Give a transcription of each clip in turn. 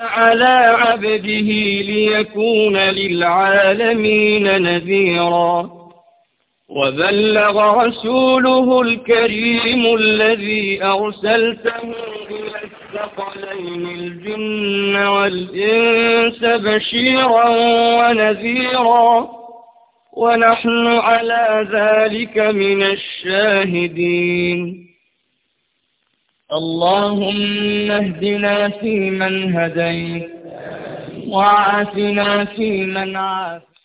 على عبده ليكون للعالمين نذيرا وبلغ رسوله الكريم الذي أرسلته إلى الثقلين الجن والإنس بشيرا ونذيرا ونحن على ذلك من الشاهدين اللهم اهدنا فيمن هديت وعافنا فيمن عافيت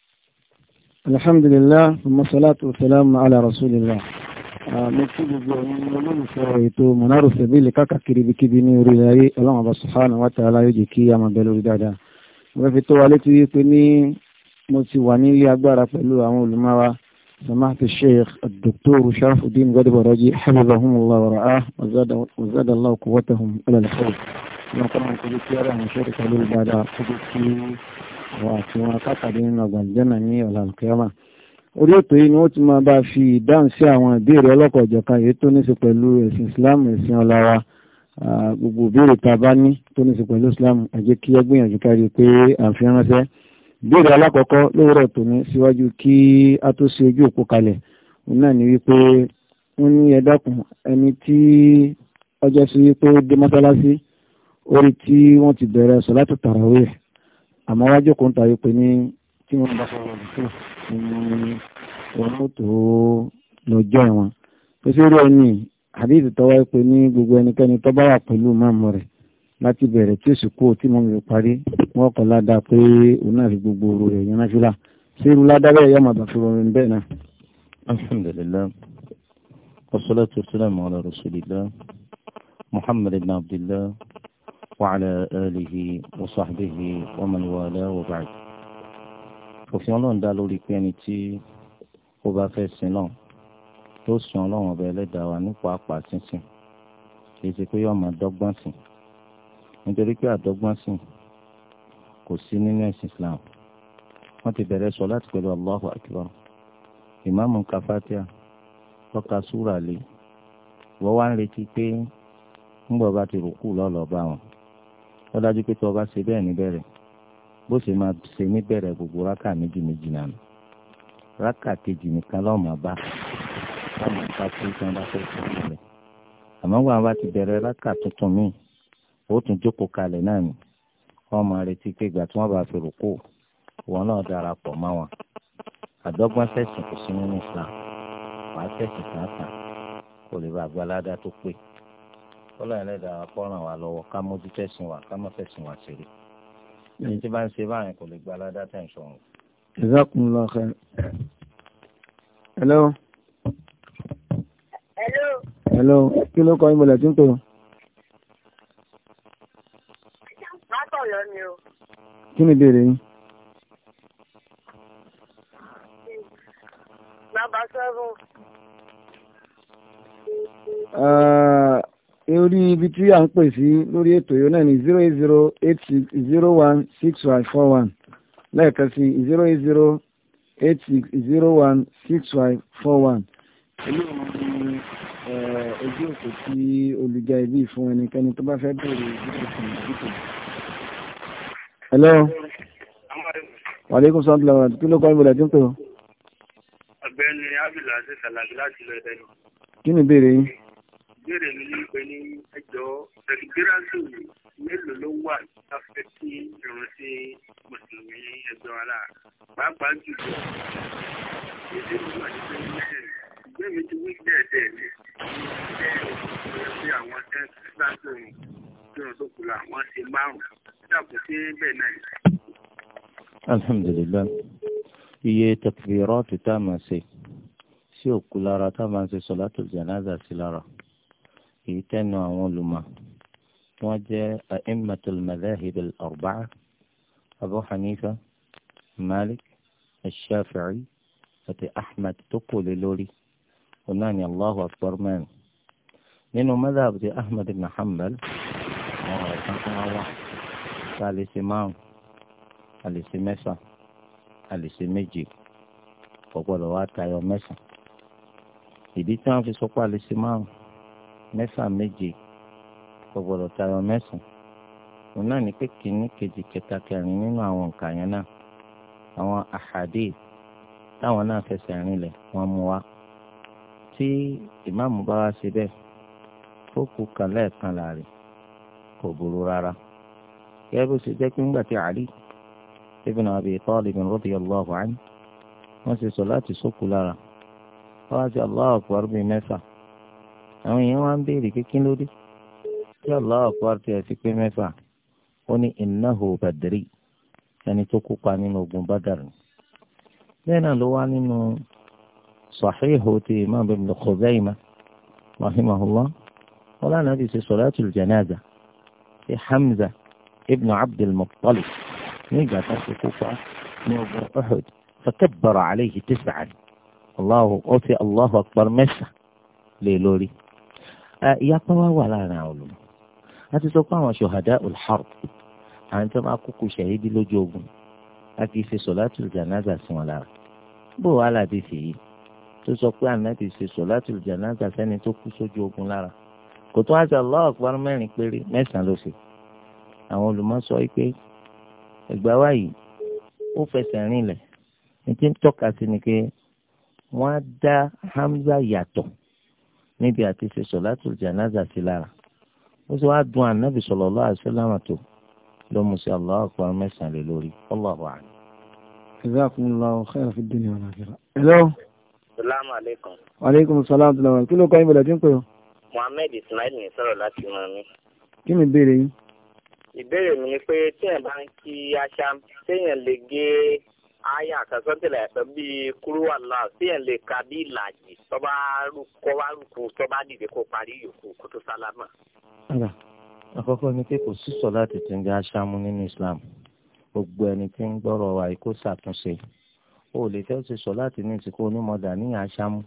الحمد لله والصلاة والسلام على رسول الله mo kí gbogbo ọ̀run olólùfẹ́ ètò mọ̀nárò sẹ̀bílì káàkiri ibikíbi ní orílẹ̀ ayé ọlọ́run ọba subhanahu wa ta'ala yóò jẹ́ kí a máa bẹ lórí dáadáa mo fi tó wa létí wípé ní mo ti wà nílé agbára pẹ̀lú àwọn olùmọ́wa سماحة الشيخ الدكتور شرف الدين غدب رجي حفظهم الله ورعاه وزاد, وزاد الله قوتهم على الحوض نقرأ كل كيرا من شركة للبادة حدثي وكما قد من على القيامة orí ètò yìí ni wọ́n ti máa bá fi ìdáhùn sí àwọn ìbéèrè ọlọ́kọ̀ ìjọ̀kan èyí tó ní sí pẹ̀lú ẹ̀sìn islam ẹ̀sìn ọláwa gbogbo ìbéèrè tá a bá ní tó ní sí pẹ̀lú islam ẹ jẹ́ kí ẹ gbìyànjú kárí pé àfi ránṣẹ́ ìbéèrè alákọ̀ọ́kọ́ lówùrọ̀ tòní síwájú kí a tó ṣe ojú òpó kalẹ̀ náà ni wípé wọ́n ní ẹ dákun ẹni tí ọjọ́ sí wípé dé mọ́sálásí orí tí wọ́n ti bẹ̀rẹ̀ sọ̀látù tàràwíhì àmọ́ wájú kò ń ta wípé ní tí wọ́n bá sọ̀rọ̀ lùkù ní ọ̀rọ̀ tó lọ́jọ́ wọn. pèsè rí ẹni àdéhìí tọ́wọ́ pé ní gbogbo ẹnikẹ́ni tó bá wà pẹ̀lú máàmù rẹ̀ láti bẹ̀rẹ̀ tí oṣù kú tí mo fi parí wọ́n kọ́ ládà pé òun náà fi gbogbo orò rẹ̀ yẹn náfìlà ṣé irú ládà bẹ́ẹ̀ yóò máa bá fún orin bẹ́ẹ̀ náà. alhamdulillah wasalaatu wasalaamu ala rasulillah muhammad ibn abdillah wa ala alihi wa sahbihi wa man wala wa ba'd. òfin ọlọ́run dá lórí pé ẹni tí ó bá fẹ́ sin náà tó sin ọlọ́run ọba ẹlẹ́dàá wa nípa àpà sínsìn kì í ṣe pé yóò máa dọ́gbọ́n sìn. nítorí pé àdọ́gbọ́n sìn kò sí nínú ẹ̀sìn Islam wọ́n ti bẹ̀rẹ̀ sọ láti pẹ̀lú Allahu Akbar ìmáàmù ka tọ́ka súra lé wọ́n wá ń retí pé ńgbọ̀ bá ti rùkú lọ́lọ́ bá wọn wọ́n dájú pé tí wọ́n bá bẹ́ẹ̀ gbogbo rákà méjì méjì rákà kejì nìkan bá láwọn tí wọ́n bá ó tún jókòó kalẹ̀ náà ni wọ́n máa retí pé ìgbà tí wọ́n bá fi rúkú wọn náà darapọ̀ mọ́ wọn àdọ́gbọ́n sẹ̀sìn kò sí nínú Islam wàá sẹ̀sìn sàǹsàn kò lè bá àgbàládá tó pé ọlọ́run ẹlẹ́dàá wa kọ́ ràn wá lọ́wọ́ ká mójú tẹ̀sìn wa ká má fẹ̀sìn wa ṣeré ẹni tí bá ń ṣe báyìí kò lè gbàládá tẹ̀ ń sọ̀rọ̀. Jazakumullahu khair. hello. hello. hello kí ló kọ́ ìmọ̀lẹ̀ tí ń pè kí ni ìbéèrè yín. nàbà sẹ́fún. orí ibi tí à ń pè sí lórí ètò yìí náà ni zero eight zero eight six zero one six one four one lẹ́ẹ̀kan sí zero eight zero eight six zero one six five four one. èmi ò ní ojú òkè tí olùjẹ́ ibi fún ẹnikẹ́ni tó bá fẹ́ bẹ̀rẹ̀ ìdíje fún ìdíje hello wàlékún sọ́ńtì lọ́wọ́ kí ló kọ́ ìbòlẹ̀ tí ń ọ̀gbẹ́ni abdullá ṣe ṣàlàyé láti lọ ẹ̀dẹ́nu. kí ni ìbéèrè yín. ìbéèrè mi ní pé ní ẹjọ́ sẹkítírásì mélòó ló wà láfẹ́ sí irun sí mùsùlùmí ẹgbẹ́ wa láà pàápàá jùlọ èdè ìwà ìgbẹ́ mẹ́rin ìgbẹ́ mi ti wí dẹ́ẹ̀dẹ́ẹ̀ ní ẹ̀ ẹ̀ ọ̀pọ̀ sí àwọn tẹ́ńtì sáà tó ń tó kù lọ àwọn ṣe márùn-ún الحمد لله هي تكبيرات تامسي سيو كلارا تامسي صلاة الجنازة سلارة هي تنوع عمولما وجاء أئمة المذاهب الأربعة أبو حنيفة مالك الشافعي أتي أحمد تقول لولي وناني الله أكبر من لأنه مذهب أحمد بن حنبل tá a lè ṣe márùn a lè ṣe mẹ́sàn a lè ṣe méje kò gbọ́dọ̀ wá tayọ mẹ́sàn ìdí tí wọ́n fi sọ pé a lè ṣe márùn mẹ́sàn méje kò gbọ́dọ̀ tayọ mẹ́sàn òun náà ní pé kìíní kejì kẹta kẹrin nínú àwọn nǹkan yẹn náà àwọn àhàdé táwọn náà fẹsẹ̀ rinlẹ̀ wọ́n mú wa tí ìmáàmù bá wá ṣe bẹ́ẹ̀ ó kan lẹ́ẹ̀kan láàrin kò burú rárá. يابو سيدكم باتي علي ابن أبي طالب رضي الله عنه وسي صلاة سوكو لارا وازي الله أكبر بمسا أمي يوان بيري كيكين لودي يا الله أكبر تيسك بمسا وني إنه بدري يعني توكو قاني نوبون بدر لنا لواني نو صحيح تي إمام ابن خزيمة رحمه الله ولا نبي صلاة الجنازة في حمزة ibn abdul muttalib nígbà tó ti kópa ní ogun uhud fakabbara alayhi tis'an allahu ó fi allahu akbar mẹ́sàn lé lórí. ìyapa wa wà láàrin àwọn olùmọ̀ a ti sọ pé àwọn ṣòhádà al-harb àwọn tó máa kúkú ṣàhídì lójú ogun a kì í ṣe sọ̀látù jànáza sí wọn lára bó wàá láti ṣe yìí tó sọ pé ànábì ṣe sọ̀látù jànáza sẹ́ni tó kú sójú ogun lára kò tó wá sí Allahu akbar mẹ́rin péré mẹ́sàn-án ló ṣe àwọn olùmọ̀sọ pé ẹgbà wa yìí ó fẹsẹ̀ rinlẹ̀ ní tí ń tọ́ka sí ni pé wọ́n á dá Hamza yàtọ̀ níbi àti ṣe sọ̀látùl jánásà sí lára ó sì wáá dun ànábì sallallahu alaihi wasallam tó ló mú sí Allahu akbar mẹ́sàn-án lé lórí Allahu a'lam. jazakumullahu khairan fid dunya wal akhirah. hello. salaamu aleykum. aleykum salaam wa rahmatulah kí ló kọ́ ibùdó tí ń pè ọ́. Muhammed Ismail ní sọ̀rọ̀ láti mọ̀ mi. kí ni ìbéèrè yín ìbéèrè mi pé téèyàn bá ń kí aṣá téèyàn lè gé aya àkàsọ́tẹ̀lẹ̀ ẹ̀sọ́ bíi kúrúwà náà téèyàn lè ka bí ìlàjì tó bá kọ́ wá rúkú tó bá dìde kó parí yòókù kó tó sálámà. àkọ́kọ́ ni pé kò sí láti ti ń gé aṣá mú nínú Islam gbogbo ẹni tí ń gbọ́rọ̀ wa kó ṣàtúnṣe o lè fẹ́ ṣe sọ láti ní ìsìnkú onímọ̀dà ní aṣámú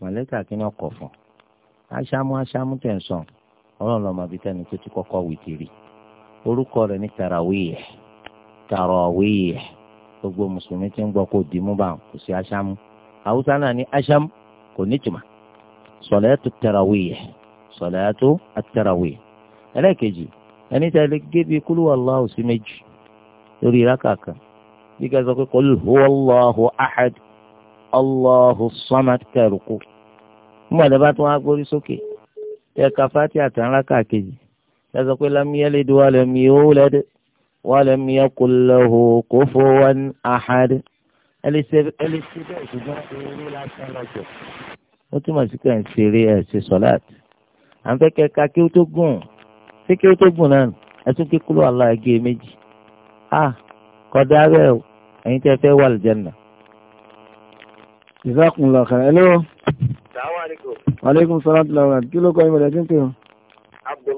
mọ̀lẹ́kà kí ni ọkọ̀ fún aṣámú aṣámú tẹ̀ ń sàn ọlọ́run lọ́mọ orúkọ rẹ̀ ní tarawih tarawih gbogbo mùsùlùmí ti ń gbọ́ kó dìímú bá kò sí aṣámú haúsá náà ní aṣámú kò ní tùmà sọlẹ́tù tarawih sọlẹ́tù at-tarawih ẹlẹ́ẹ̀kejì ẹni tẹ́ lè gé bíi kúlú Allahu sí méjì lórí ìrákà kan bí ká sọ pé qul huwallahu ahad Allahu samad kẹrùkù mú ọ̀dẹ́ wá gbórí sókè tẹ́ ka fati àtàrà kàkejì lọ́sọ̀ pé lam yalid wa lam yulad wa lam yakul lahu kufuwan ahad ẹlẹ́sẹ̀ bẹ́ẹ̀ ṣùgbọ́n eré lásán lọ́jọ́ ó túmọ̀ sí pé ń ṣeré ẹ̀ ṣe sọ́láàtì à ń fẹ́ kẹ́ka kí ó tó gùn ṣé kí ó tó gùn náà ẹtún kí kúrò aláàgé méjì a kọ̀dá bẹ́ẹ̀ o ẹ̀yin tẹ́ fẹ́ wà lìjẹ́nà. ìsákùnlọ̀ kan ẹ lọ́wọ́. sàwọn àlejò. wàlẹ́kùn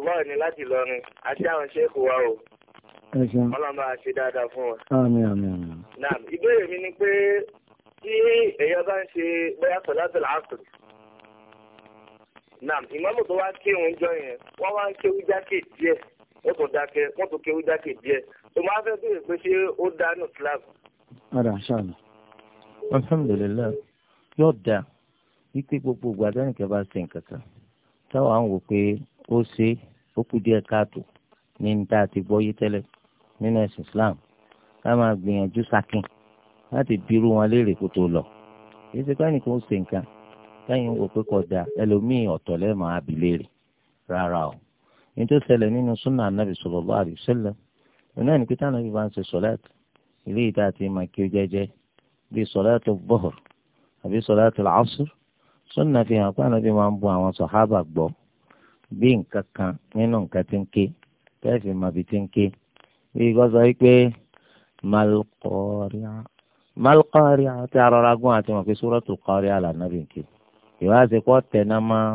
lọ́ọ̀ ni láti lọrin àti àwọn ṣéèkù wa o. ọlọ́run bá a ṣe dáadáa fún wa. àmín àmín àmín. naam ìbéèrè mi ni pé tí èèyàn bá ń ṣe bóyá sọ̀látọ̀lá àkùrù. naam ìmọ̀mù tó wá kéwòn jọ yẹn wọ́n wá ń kéwú jákè díẹ̀ wọ́n tún dákẹ́ wọ́n tún kéwú jákè díẹ̀ tó máa fẹ́ béèrè pé ṣé ó dánù Islam. ara ṣáàlù alhamdulilayi yóò dáa wípé gbogbo ìgbà dáníkẹ́ bá nǹkan kan táwa ń wò pé ó ṣe é ó kù díẹ̀ káàtó ní ti gbọ́ yé tẹ́lẹ̀ nínú ẹ̀sìn Islam ká máa gbìyànjú sakin láti bírú wọn léèrè kó tó lọ èyí ti káyìn kó ń nǹkan káyìn wò kọjá ẹlòmíì ọ̀tọ̀ lẹ́ẹ̀mọ́ rárá o ní tó ṣẹlẹ̀ nínú súnà anábì sallallahu alaihi wasallam ìná ní pété anábì bá ń ṣe sọ̀láàtì ilé ìta àti ìmọ̀ kí ó jẹ́jẹ́ bíi àbí súnà fi hàn pé anábì máa ń bu bí nǹkan kan nínú nǹkan tí ń ké tẹ́sí màbí tí ń ké bí kò sọ wípé malqari'a malqari'a tí a rọra gún àti mọ̀ pé suratul qari'a àlànàbì ń ké ìwádìí pọ̀ tẹ̀ná máa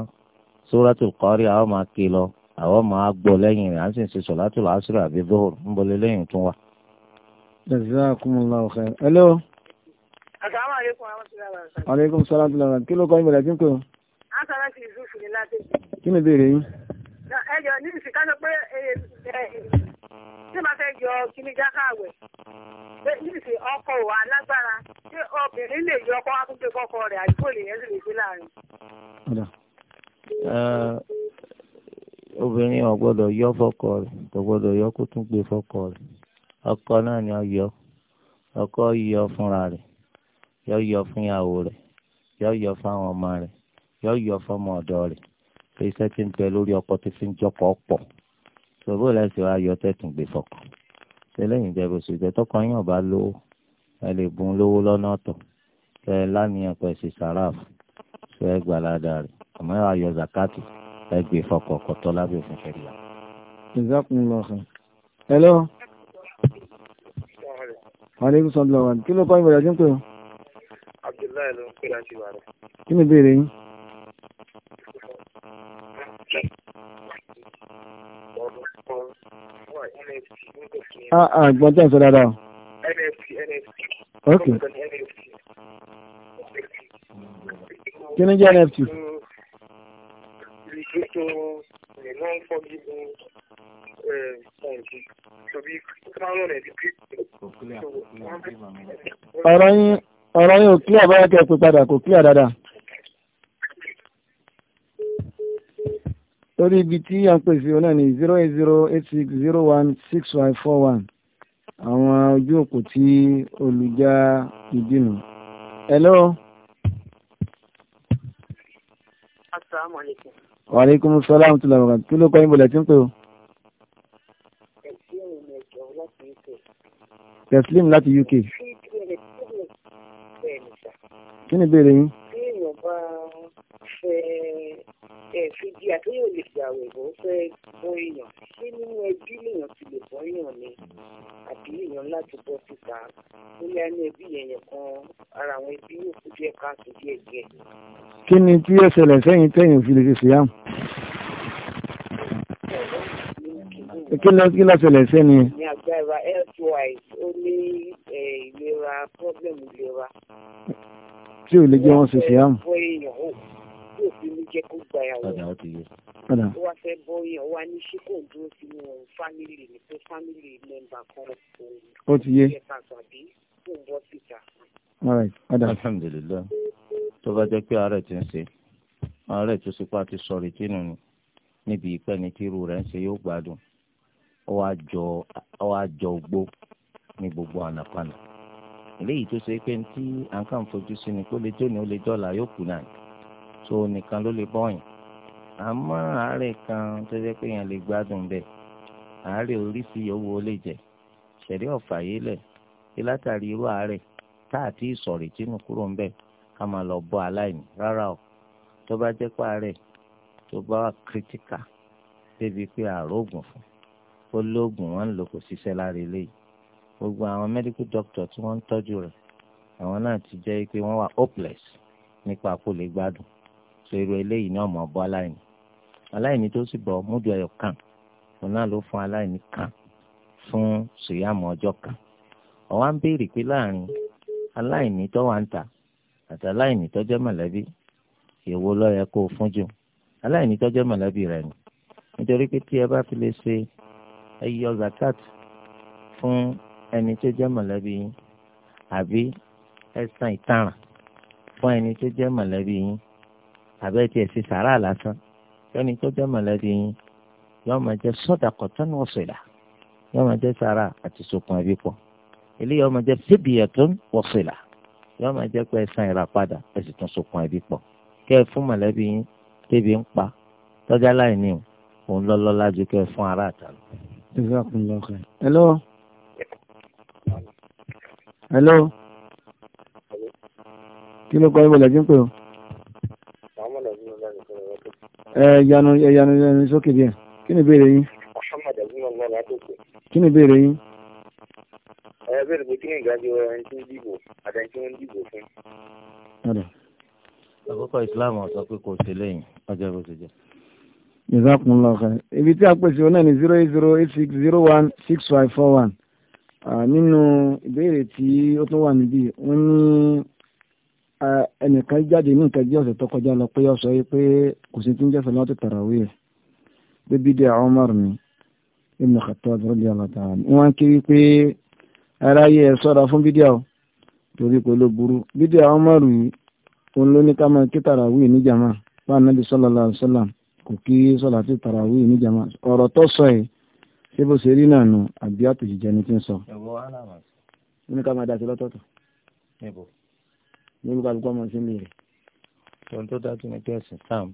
suratul qari'a àwọn máa ké lọ àwọn máa gbọ́ lẹ́yìn rẹ̀ à ń sì ń ṣe àbí dhuhr ń bolẹ̀ lẹ́yìn tún wa. jazakumullahu khair. hello. asalaamualeykum wa rahmatulahi wa barakatuh. aleykum salaam wa rahmatulahi kí ló kọ́ ìbẹ̀rẹ̀ kí n pè asalasi yusuf ni láti. kí ni ìbéèrè yín. ẹ jọ ní ìsìnká sọ pé eh, eh, tí màá fẹ́ yọ kíní jáká àwẹ̀ pé níìsì ọkọ ò alágbára ṣé obìnrin lè yọ ọkọ akúndé kọkọ rẹ̀ àdúgbò lè yẹn sì lè gbé láàrin. Eh, obìnrin ò gbọ́dọ̀ yọ fọkọ rẹ̀ kò yọ kó tún gbé fọkọ rẹ̀ ọkọ náà ni ó ọkọ yọ fúnra rẹ̀ yọ yọ fún ìyàwó rẹ̀ yọ yọ fún àwọn ọmọ rẹ̀ yọ yọ fọmọ ọ̀dọ̀ rẹ̀ pé iṣẹ́ ti ń bẹ lórí ọkọ tó fi ń jọkọ pọ̀ ṣòro lẹsẹ wa yọ tẹtùn gbé fọkàn ṣẹlẹyìn ìjẹbù ṣùgbọ́n tọkọ yín ọba lówó ẹ lè bùn lówó lọ́nà ọ̀tọ̀ ṣe é lánìyàn pẹ ṣe sàràfù ṣe é gbàládà rẹ̀ àmọ́ ẹ wà yọ zakati ẹ gbé fọkàn kọtọ lábẹ́ òfin fẹẹ yà. ìzákùnlọ́sàn. hello. aleykum salaam kí ló kọ́ ìbàdàn jẹ́ pé o. abdullahi ló ń pè láti Ìbàdàn. kí ni ìbéèrè yín. Ah, ah, gbọ́n tẹ́ ń sọ dáadáa. NFT, NFT. Ok. Kí ni jẹ́ NFT? Ìgbésò ní non-fungible ọ̀rọ̀ yín ọ̀rọ̀ yín ò clear báyọ̀ kẹ́ ẹ pé padà kò clear dáadáa. lórí ibi tí a ń pè sí ọ̀nà zero eight zero eight six zero one six five four one àwọn ojú òpó tí olùjà ìdìnnà. hello. asalaamualeykum. wa aleykum salaam wa rahmatulah kí ló kọ́ yín bọ̀lẹ̀ tí ń pè o. teslim láti uk. kí ni ìbéèrè yín. kí èèyàn bá fẹ́ ẹ fi di àtúnyẹ̀ lè gbàwẹ̀ bó fẹ́ bọ́ èèyàn ṣé nínú ẹbí lèèyàn ti lè bọ́ èèyàn ni àbí èèyàn láti bọ́ síta bóyá ní ẹbí èèyàn kan ara àwọn ẹbí yóò kú díẹ̀ káàtó díẹ̀ díẹ̀. kí ni tí ẹ ṣẹlẹ̀ sẹ́yìn tẹ́yìn fi lè ṣe sí àmì. kí ló kí ló ṣẹlẹ̀ sẹ́ni. ní agbára healthwise ó ní ìlera problem ìlera. tí ò lè jẹ́ wọ́n ṣe ṣe àmì tọ́jà ó ti yé. ó wá fẹ́ bọ́yì ó wá ní ṣé kò dúró sínú fámìlì mi pé fámìlì mẹ́mbà kan ó ti yé. alhamdulilayi tó bá jẹ́ pé ààrẹ ti ń ṣe ààrẹ tó sì pa ti sọ̀rọ̀ ìtinú ni níbi ìpẹ́ni tí irú rẹ̀ ń ṣe yóò gbádùn ó wá jọ ogbó ní gbogbo ànàpànà eléyìí tó ṣe pé tí à ń kàn fojú sí ni kó lè jóni ó lè dọ́là yóò kù náà tó nìkan ló lè bọ́yìn àmọ́ àárẹ̀ kan tó jẹ́ pé èèyàn lè gbádùn bẹ́ẹ̀ àárẹ̀ oríṣi owó lè jẹ́ ṣẹ̀rí ọ̀fà yìí lẹ̀ kí látàrí irú àárẹ̀ táàtì ìsọ̀rí tínú kúrò ń bẹ̀ ká máa lọ bọ́ aláìní rárá o tó bá jẹ́ pé àárẹ̀ tó bá wà kírítíkà débi pé àrògùn fún ó lóògùn wọn lò kò ṣiṣẹ́ lára eléyìí gbogbo àwọn medical doctor tí wọ́n ń tọ́jú rẹ̀ àwọn náà ti jẹ́ pé wọ́n wà hopeless nípa kó lè gbádùn so irú eléyìí náà mọ̀ bọ́ aláìní aláìní tó sì bọ̀ múdù kan òun náà ló fún aláìní kan fún sùyàmù ọjọ́ kan ọ̀wá ń béèrè pé láàrin aláìní tó wà ń tà àti aláìní tó jẹ́ mọ̀lẹ́bí èwo ló yẹ kó o fún jù aláìní tó jẹ́ mọ̀lẹ́bí ni nítorí pé tí ẹ bá fi lè ṣe ẹyọ zakat fún ẹni tó jẹ́ mọ̀lẹ́bí yín àbí ẹ ìtaràn fún ẹni tó jẹ́ mọ̀lẹ́bí yín àbẹ́tí ẹ̀ ṣe sàrà fẹ́ni tó jẹ́ mọ̀lẹ́bí yín yóò máa jẹ́ sadaqatan wa sila yóò máa jẹ́ sàrà àti sokùn ẹbí pọ̀ eléyìí yóò máa jẹ́ fidyatun wa sila yóò máa jẹ́ pé ẹ̀sán ìra padà ẹ sì tún sokùn ẹbí pọ̀ kẹ́ ẹ fún mọ̀lẹ́bí yín tébi ń pa tọ́jà láìní òun lọ́lọ́ lájú kẹ́ ẹ fún ará àtàlù. kí ló kọ́ ibò lẹ́jọ́ pé o ẹ̀yànú ẹ̀yànú ẹ̀yànú sókè díẹ̀ kí ni ìbéèrè yín. kí ni ìbéèrè yín. ẹ bẹ́ẹ̀ ni kí ni ìgbàgbé ẹni tí ń dìbò àtẹni tí wọ́n ń dìbò fún. àkọ́kọ́ ìsìláàmù sọ pé kò sí lẹ́yìn ọjọ́ bó ti jẹ́. jazakumullahu khairan ibi tí a pèsè ọ náà ní zero eight zero eight six zero one six five four one nínú ìbéèrè tí ó tún wà níbí wọ́n ní ẹnìkan jáde ní ìkẹjẹ ọ̀sẹ̀ tó kọjá lọ pé ọ̀sọ̀ yìí pé kò sí tí ń jẹ́ sọ̀láàtì tàràwíì bíbí dé àwọn Umar ni Ibn Khattab radiyallahu ta'ala ni wọ́n kí wípé aráyé ẹ̀ sọ́ra fún bídíà o torí pé ló burú bídíà Umar yìí òun ló ní ká máa kí tàràwíì ní jàmá bá Ànábì sallallahu alaihi kò kí sọ̀láàtì tàràwíì ní jàmá ọ̀rọ̀ tó sọ yìí ṣé bó ṣe rí náà nù àbí àtòjìjẹ ni ti ń sọ. ẹ̀wọ̀ alámọ̀ sí. ó ní ká máa dá sí lọ́tọ̀ọ̀tọ̀. ẹ̀bùn lórí kálukú ọmọ sí ilé rẹ̀. ohun tó dájú ni pé ẹ̀sìn Islam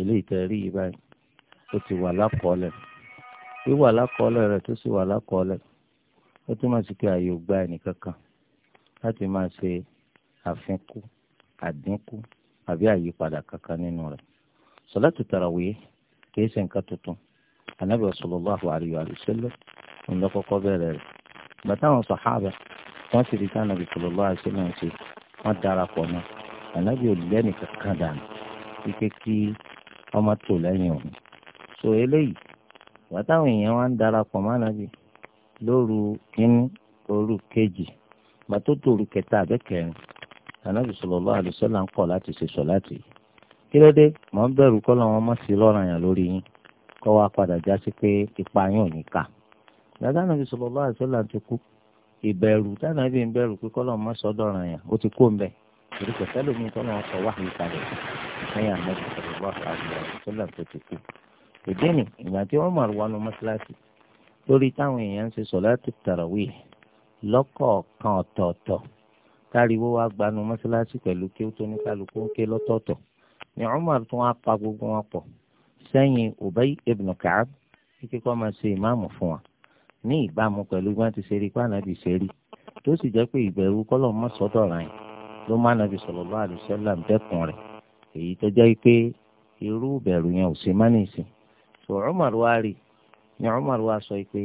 ilé ìtẹ̀rí yìí báyìí ó ti wà lákọọ́lẹ̀ wíwà lákọọ́lẹ̀ rẹ̀ tó sì wà lákọọ́lẹ̀ ó túmọ̀ sí pé ààyè ò gba ẹnìkankan láti máa ṣe àfikún àdínkù àbí àyípadà kankan nínú rẹ̀ sọlátù tarawih kìí ṣe nǹkan tuntun anabi sallallahu alayhi wa sallam ńlọkọkọ bẹ̀rẹ̀ rẹ̀ bàtà àwọn sàhábà wọn sì rí sànàbì sallallahu alayhi wa sallam ṣe wọ́n darapọ̀ mọ́ ànábì olùlẹ́nì kankan dànù wípé kí ọmọ tò lẹ́yìn òun. sọ eléyìí bàtàwọn èèyàn wá ń darapọ̀ mọ́ ànábì lóru kínní òru kejì bàtó tòru kẹta àbẹ́kẹrin ànábì sallallahu alaihi wasallam ń kọ̀ láti ṣe sọ̀láàtì yìí kí ló dé mọ̀ ń bẹ̀rù kọ́ làwọn ọmọ sí lọ́ràn yàn lórí yín kọ́ wa padà já sí pé ipa yín ò ní kà. dàdá nàbì sallallahu alaihi ti kú ìbẹ̀rù tánàbí ń bẹ̀rù pé kọ́lọ́ mọ́ sọ́dọ̀ràn yẹn ó ti kó ń bẹ̀ torí kò sẹ́lómi tọ́lọ́ sọ wá ìkàlẹ̀ lẹ́yìn àmọ́tò sọ̀rọ̀ àgbà tó ti kú. ìdí ni ìgbà tí wọ́n mọ̀rọ̀ wọnú mọ́ṣáláṣí lórí táwọn èèyàn ń ṣe sọ̀láàtì tàràwíì lọ́kọ̀ọ̀kan ọ̀tọ̀ọ̀tọ̀ táriwo wá gbanú mọ́ṣáláṣí pẹ̀lú kí ó tó ní kálukú ń ké lọ́tọ̀ọ̀tọ̀ ni Umar ní ìbámu pẹ̀lú bí wọ́n ti ṣe rí pé ànábì ṣe rí tó sì jẹ́ pé ìbẹ̀rù kọ́lọ̀ mọ́ sọ́dọ̀ ràn yín ló má ànábì sallallahu alaihi wasallam dẹ́kun rẹ̀ èyí tó jẹ́ pé irú ìbẹ̀rù yẹn ò sí má nìsín tó Umar wá rí ni Umar wá sọ pé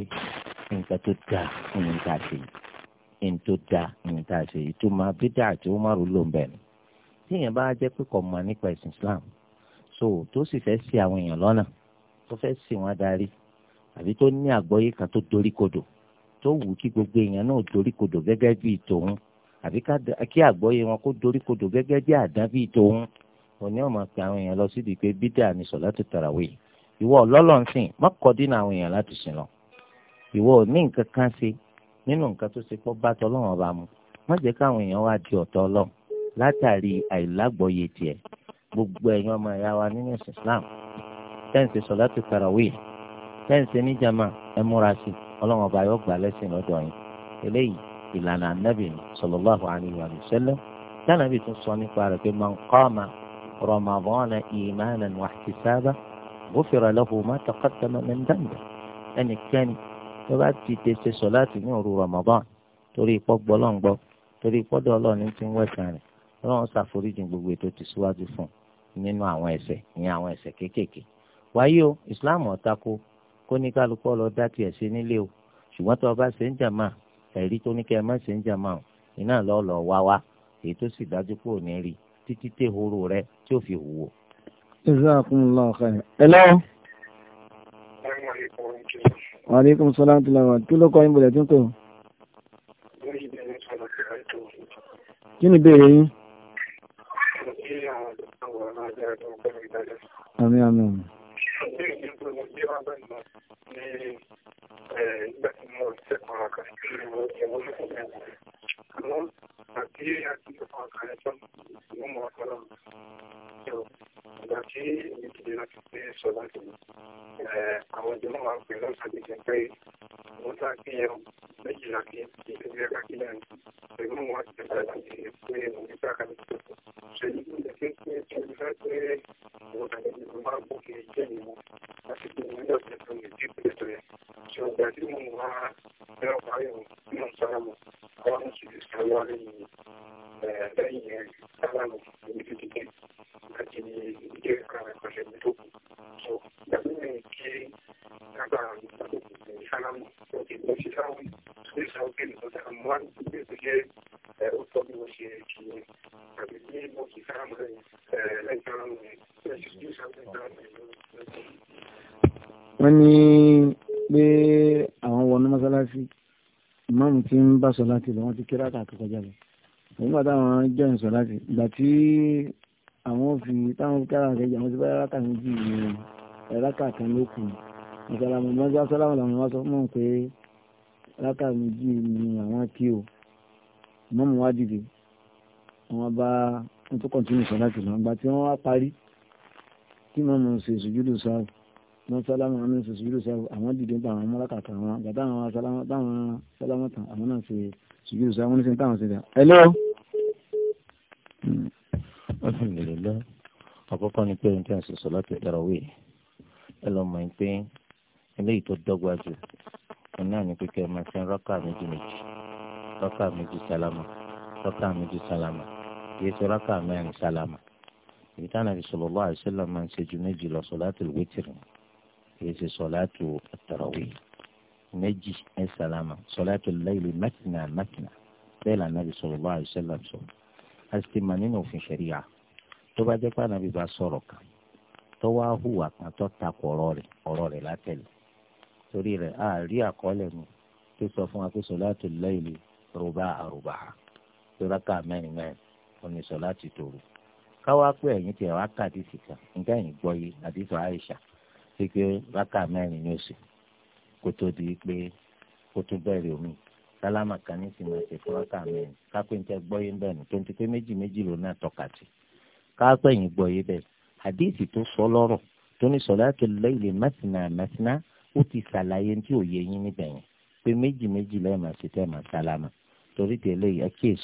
nǹkan tó dáa nǹkan àti nǹkan tó dáa nǹkan àti ìtumọ̀ bídà àti Umar ló ń bẹ̀rù tíyẹn bá jẹ́ pé kò mọ̀ nípa ìsìn Islam so tó sì fẹ́ sí àwọn èèyàn lọ́nà tó fẹ́ sí wọn darí àbí tó ní àgbọ́yé kan tó dorí kodò tó wù kí gbogbo èèyàn náà dorí kodò gẹ́gẹ́ bíi tòun àbí kí àgbọ́yé wọn kó dorí kodò gẹ́gẹ́ bíi àdán bíi tòun òní ọmọ pé àwọn èèyàn lọ sídìí pé bídà ni sọ̀lá tó tàràwé ìwọ ọlọ́lọ́nsìn mọ́kọ́dínà àwọn èèyàn láti sìn lọ ìwọ ní nǹkan kan ṣe nínú nǹkan tó ṣe pọ́ bá tọ́lọ́wọ́n bá mu má jẹ́ káwọn èèyàn wá di ọ̀tọ̀ ọlọ́run látàrí àìlágbọ́yé tiẹ̀ gbogbo ẹ̀yin ọmọ ìyá wa nínú ìsìn Islam tẹ́ǹsì sọ̀lá tó tàràwé tẹ́ǹsì níjàmá ẹ múra sí i ọlọ́run ọba yóò gbà lẹ́sìn lọ́dọ̀ yín eléyìí ìlànà anábì sallallahu alayhi wa sallam tánàbì tún sọ nípa rẹ̀ pé man qama ramadana imanan wa ihtisaban ghufira lahu ma taqaddama min dhanbihi ẹnikẹ́ni tó bá ti tẹsẹ̀ sọ láti ní òru ramadan torí ipò gbọ́lọ́ngbọ́ torí ipò dọ́ ọlọ́run ti ń wẹ̀sán rẹ̀ ọlọ́run ṣàforíjìn gbogbo ètò ti síwájú fún nínú àwọn ẹ̀ṣẹ̀ ìyẹn àwọn ẹ̀ṣẹ̀ kéékèèké wáyé o ìsìláàmù ọ̀tako kó ní kálukú lọ dá tiẹ̀ sí nílé o ṣùgbọ́n tó o bá ṣe ń jàmá ẹ̀rí tó ní kẹ́ ẹ má ṣe ń jàmá o iná lọ lọ wá wá èyí tó sì dájú pé ní rí títí tẹ horo rẹ tí ò fi wò. jazakumullahu khairan. hello. wa alaikum salaam tó lọ́wọ́ kí ló kọ́ yín bọ̀dẹ̀ tó ń pè kí ni ìbéèrè yín. àmín àmín tí wọ́n bá lọ ní ìgbà tí mo ṣe kan àkàn kí ni mo ṣe mo ṣe bẹ́ẹ̀ wọ̀ àmọ́ àti àti ìfọ̀ àkàn ẹ̀ṣọ́ mo mọ̀ ọ́kọ́ lọ ṣe ìgbà tí èmi ti dé láti pé sọ láti mi àwọn ìjọba wa pè lọ́sàn ti jẹ pé mo ta kí ẹ méjìlá kí ìdílé ká kí lẹ́nu ẹ̀gbọ́n wa sọ láti lọ wọ́n ti kí rákà tó kọjá lọ nígbà táwọn jọ ìsọ láti ìgbà tí àwọn fi táwọn kára kẹjọ àwọn ti bá rákà méjì ní rákà kan ló kù ìsàlámù mọ́já sọ́lámù làwọn wá sọ fún mọ̀ pé rákà méjì ni àwọn kí o mọ́mù wá dìde wọ́n bá wọ́n tó kọ̀ntínú sọ láti lọ ìgbà tí wọ́n wá parí kí mọ́mù ṣe ìṣòjúdù sáà wọn sálámù àwọn náà sùjúdù sáwù àwọn dìde pa àwọn mọ́láka kan wọn gbà táwọn sálámù tán àwọn náà ṣe sùjúdù sáwù wọn ní sẹ́ni táwọn ṣe dà. hello. Hmm. alhamdulilayi àkọ́kọ́ ni pé n tẹ́ ń sọ̀sọ̀ láti tarawih ẹ lọ mọ̀ pé eléyìí tó dọ́gba jù òun náà ni kíkẹ́ máa ṣe rákà méjì méjì rákà méjì sálámà rákà méjì sálámà kì í ṣe rákà mẹ́rin sálámà ìbí táwọn àbí sallallahu ṣe ju méjì lọ sọ̀látul wítìrì kì í ṣe sọ̀látù àtàràwí méjì ẹ̀ sàlámà sọ̀látù láìlì mẹ́tìnà mẹ́tìnà bẹ́ẹ̀ lànà bí sọ̀rọ̀ bá àìsẹ́lá sọ̀rọ̀ a sì ti mà nínú òfin ṣẹ̀ríyà tó bá jẹ́ pé ànábì bá sọ̀rọ̀ kan tó wá hùwà kan tó takò ọ̀rọ̀ rẹ̀ ọ̀rọ̀ rẹ̀ látẹ̀lẹ̀ torí rẹ̀ a rí àkọọ́lẹ̀ mi tó sọ fún wa pé sọ̀látù láìlì rúbà àrùbà tó mẹ́rin mẹ́rin òní sọ̀látù tòru sí pé rákà mẹ́rin ni ó sì kó tó di pé kó tó bẹ̀rẹ̀ omi sálámà kan ní sì máa ṣe fún rákà mẹ́rin kápẹ́ńtẹ́ gbọ́yé ń bẹ̀rù tó ń ti pé méjì méjì ló náà tọ́ka tì kápẹ́yìn gbọ́yé bẹ́ẹ̀ àdéhìí tó sọ lọ́rọ̀ tó ní sọ̀láàtì láìlì mẹ́sìnà mẹ́sìnà ó ti ṣàlàyé tí ò yé yín níbẹ̀ yẹn pé méjì méjì lẹ́ẹ̀mà sí tẹ́ẹ̀mà sálámà torí tẹ̀lé yìí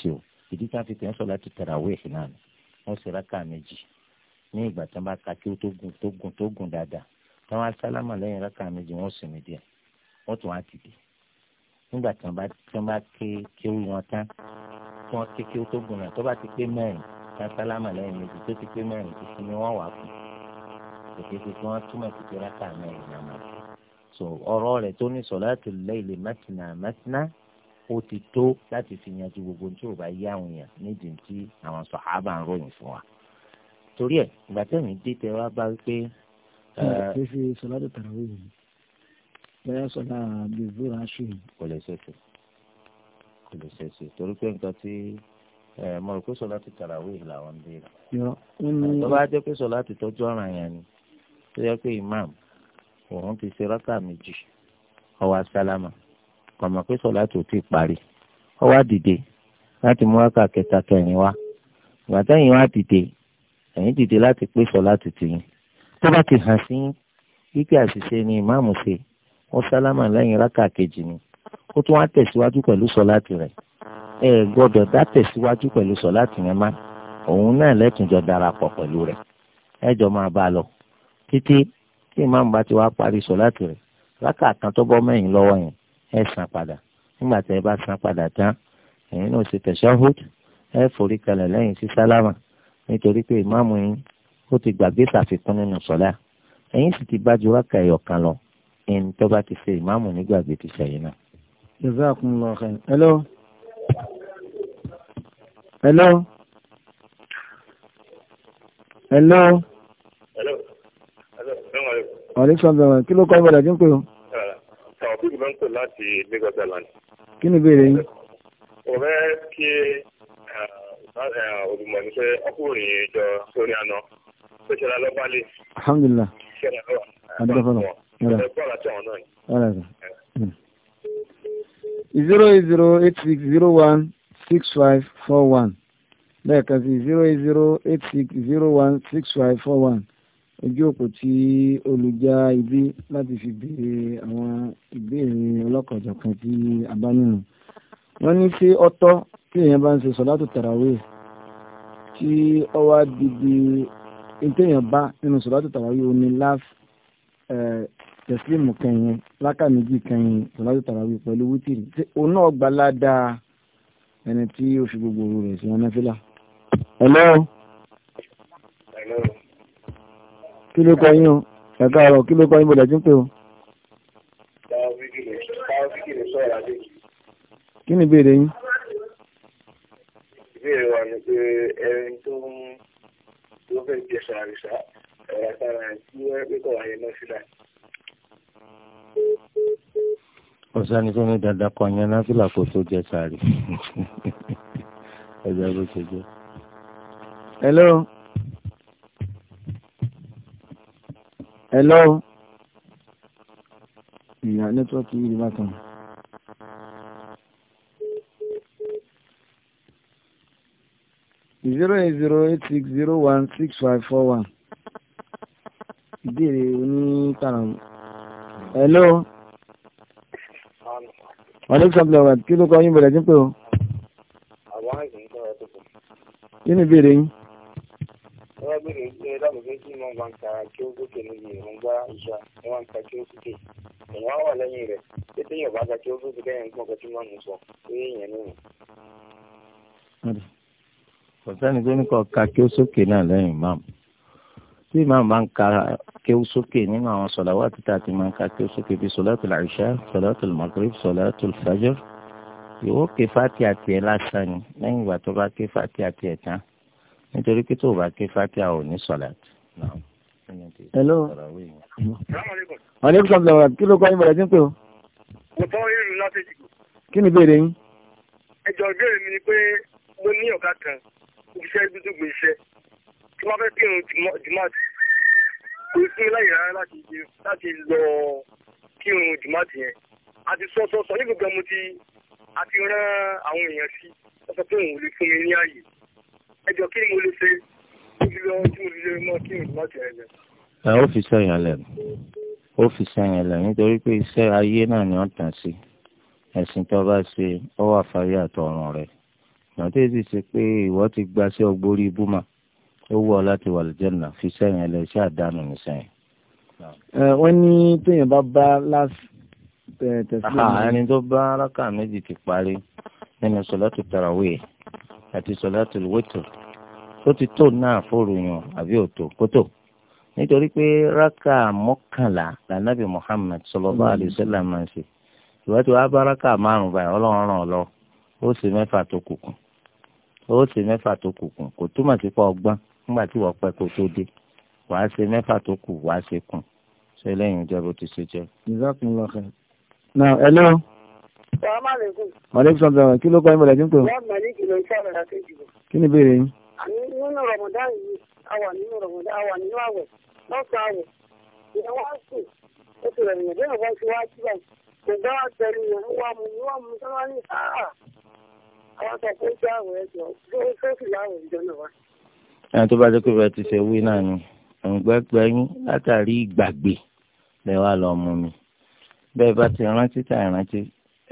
kí tí wọ́n á sálámà lẹ́yìn rákà méjì wọ́n sì mí díẹ̀ wọ́n tún á dìde nígbà tí wọ́n bá tí wọ́n bá ké kéwú wọn tán tí wọ́n ké kéwú tó gùn náà tó bá ti pé mẹ́rin tí wọ́n sálámà lẹ́yìn méjì tó ti pé mẹ́rin tuntun ni wọ́n wà fún kò kéde tí wọ́n túmọ̀ sí pé rákà mẹ́rin náà máa so ọ̀rọ̀ rẹ̀ tó ní sọ̀láàtù láìlè mẹ́tìnà mẹ́tìnà ó ti tó láti fi yanjú gbogbo tí ò bá yé àwọn èèyàn nídìí tí àwọn sàhábà ń ròyìn fún wa torí ẹ̀ ìgbà tẹ̀mí dé tẹ wá bá wípé kì í ṣe sọlátù tàràwí yìí bóyá sọlá gbèzúra ṣe. kò lè ṣẹṣẹ kò lè ṣẹṣẹ torí pé nǹkan tí mo rò pé sọlátù tàràwí yìí làwọn ń béèrè. tó bá jẹ́ pé sọlátù tọ́jú ọ̀ràn yẹn ni tó yẹ pé imam òun ti ṣe rákà méjì ó wá sálámà kò mọ̀ pé sọlátù ò tí ì parí ó wá dìde láti mú wákà kẹta kẹrin wá ìgbà táyìn wá dìde ẹ̀yìn dìde láti pé sọlátù tì yín tó bá ti hàn sí wípé àṣìṣe ni ìmáàmù ṣe wọ́n sálámà lẹ́yìn rákà kejì ni ó tún wá tẹ̀síwájú pẹ̀lú sọ̀láàtì rẹ̀ ẹ gbọ́dọ̀ dá tẹ̀síwájú pẹ̀lú sọ̀láàtì yẹn má òun náà lẹ́tùnjọ darapọ̀ pẹ̀lú rẹ̀ ẹ jọ máa bá a lọ títí tí ìmáàmù bá ti wá parí sọ̀láàtì rẹ̀ rákà kan tó bọ́ mẹ́yìn lọ́wọ́ yẹn ẹ san padà nígbà tẹ́ ẹ bá san padà tán ẹ̀yin náà ṣe tẹ̀síwájú ẹ forí kalẹ̀ lẹ́yìn sí sálámà nítorí pé ìmáàmù yín ó ti gbàgbé ṣàfikún nínú sọlá ẹ̀yin sì ti bá ju wákà ẹ̀yọ̀ kan lọ ẹni tó bá ti ṣe ìmáàmù nígbàgbé ti ṣẹ̀yìn náà. jazakumullahu khair. hello. hello. hello. hello. Hello. Hello. ọ̀rẹ́sọ̀ bẹ̀rẹ̀ kí ló kọ́ bẹ̀rẹ̀ kí n pè ó. tàwọ̀kùn bá ń pè láti Lagos Island. kí ni ìbéèrè yín. ọ̀rẹ́ kí eh, eh, olùmọ̀ọ́nìṣẹ́ ọkùnrin jọ sórí àná ṣẹlẹ̀ lọ bá lè. alhamdulillah. ṣẹlẹ̀ lọ. adúgbò fọlọ. ẹgbọ́n àti àwọn náà ni. zero zero eight six zero one six five four one lẹ́ẹ̀kan sí zero zero eight six zero one six five four one ojú òpó tí olùjá ibi láti fi béèrè àwọn ìbéèrè ọlọ́kọ̀ọ̀jọ̀ kan tí a bá nínú wọ́n ní sí ọ̀tọ̀ tí èèyàn bá ń ṣe sọ̀látù tàràwé tí ó wá ìtẹ̀yàn bá nínú sọ̀rọ̀ àti tàwáyé ó ní láf tẹ̀sílímù kẹyìn láká méjì kẹyìn sọ̀rọ̀ àti tàwáyé pẹ̀lú wítìrì tí òun náà gbà ládàá ẹni tí ó fi gbogbo òru rẹ̀ sí wọn náfìlà. hello. hello. kí ló kọ yín o ẹ̀ka ọ̀rọ̀ kí ló kọ yín bọ̀dọ̀ tí ń pè o. kí ni ìbéèrè yín. ìbéèrè wa ni pé ẹni tó ń tó fẹ́ di ẹ̀ṣà àrìṣà ẹ̀rọ sára tí wọ́n pé kọ̀ wáyé náà sílá. ó sẹ́ni tó ní dandan kan yẹn náfìlà kó tó jẹ sáré ẹ̀jẹ̀ bó ṣe jẹ́. hello. hello. ìyá nẹ́tíwọ́ọ̀kì yìí bá kan. zero eight zero eight six zero one six five four one ìbéèrè oníkàràmù. hello. wàlúùsàn blọ̀wà kí ló kọ́ yín bẹ̀rẹ̀ sí pé o. àwọn àìsàn tó yẹ kókò. kí ni ìbéèrè yín. wọ́n béèrè pé lábùgbé tí wọ́n máa ń ka kí ó gòkè níbi ìrùngbá ìṣá wọ́n máa ń ó sókè. èèyàn wà lẹ́yìn rẹ̀ pé téèyàn bá ka kí ó gòkè lẹ́yìn nǹkan kan tí wọ́n mú sọ kò sẹ́ni tó ní kọ́ ka kí ó sókè náà lẹ́yìn ìmáàmù tí ìmáàmù bá ń ka kí ó sókè nínú àwọn sọ̀làwátì tá a ti máa ń ka kí ó sókè bíi sọ̀làtul ìṣá sọ̀làtul magrib sọ̀làtul fajr ìwọ ké fati àti ẹ lásán ni lẹ́yìn ìgbà tó bá ké fati àti ẹ tán nítorí pé tó o bá ké fati àwọn òní sọ̀làtì. hello. aleykum salaam kí ló kọ́ yín bọ̀dọ̀ tí ń pè o. mo tọ́ irun láti jù. kí ni ìbéèrè yín. ẹjọ́ ìbéèrè mi ni pé mo ní ọ̀gá kan iṣẹ́ ibi tó gbé iṣẹ́ tí wọ́n fẹ́ kírun jùmọ̀tì kò sí láyè rárá láti lọ kírun jùmọ̀tì yẹn àti sọ́sọ́sọ́ níbi gan mo ti àti rán àwọn èèyàn sí ọ̀sán tó òun lè fún mi ní ààyè ẹjọ́ kí ni mo lè ṣe níbi lọ tí mo lè mọ kírun jùmọ̀tì yẹn lẹ. ẹ ó fi sẹ́yìn lẹ́nu ó fi sẹ́yìn lẹ́nu nítorí pé iṣẹ́ ayé náà ni wọ́n tàn sí ẹ̀sìn tó bá ṣe ó wà fáyé àtọ̀run rẹ̀ nàtẹ́ sì ṣe pé ìwọ ti gba sí ọgbórí ibú mà ó wù ọ láti wà lùjẹ́nà fi sẹ́yìn ẹlẹ́sẹ̀ àdánù ní sẹ́yìn. wọ́n ní téèyàn bá bá láti tẹ̀sílẹ̀. ẹni tó bá rákà méjì ti parí nínú sọlátù tarawih àti sọlátù wítìrì ó ti tó náà fòròyìn àbí òtò kótó nítorí pé rákà mọ́kànlá lànàbì Muhammad sallallahu alaihi wasallam máa ń ṣe ìwádìí wàá bá rákà márùn-ún báyìí ọlọ́run ràn ọ́ lọ ó sì mẹ́fà tó kù kù ó ṣe mẹ́fà tó kù kùn kò túmọ̀ sí pé ọgbọ́n nígbà tí wọ́n pẹ́ kó tó dé wàá ṣe mẹ́fà tó kù wàá ṣe kùn ṣe lẹ́yìn ìjọba bó ti ṣe jẹ́. ìzákun lọ kẹ. now hello. salaamaleykum. maaleykum salaam kí ló kọ́ ẹ́ mọ̀lẹ́kí ń pè ọ́. wọ́n mọ̀ ní kìlọ̀ iṣẹ́ rẹ̀ láti jù. kí ni ìbéèrè yín. àní a wà nínú rọ̀mọ̀dá a wà nínú àwẹ̀ lọ́sọ̀ àwẹ̀ ìyẹn wá sùn ó ti rẹ̀ nìyẹn bí wọ́n ṣe wá síbẹ̀ kò dá wá tẹ̀lé yẹn àwọn sọ pé sí àwọn ẹjọ lórí fẹsí láwọn ìjọ náà wá. ẹni tó bá jẹ́ pé bẹ́ẹ̀ ti ṣe wí náà ni ǹgbẹ́gbẹ́yìn látàrí ìgbàgbé lẹ wá lọ mú mi bẹ́ẹ̀ bá ti rántí tá ìrántí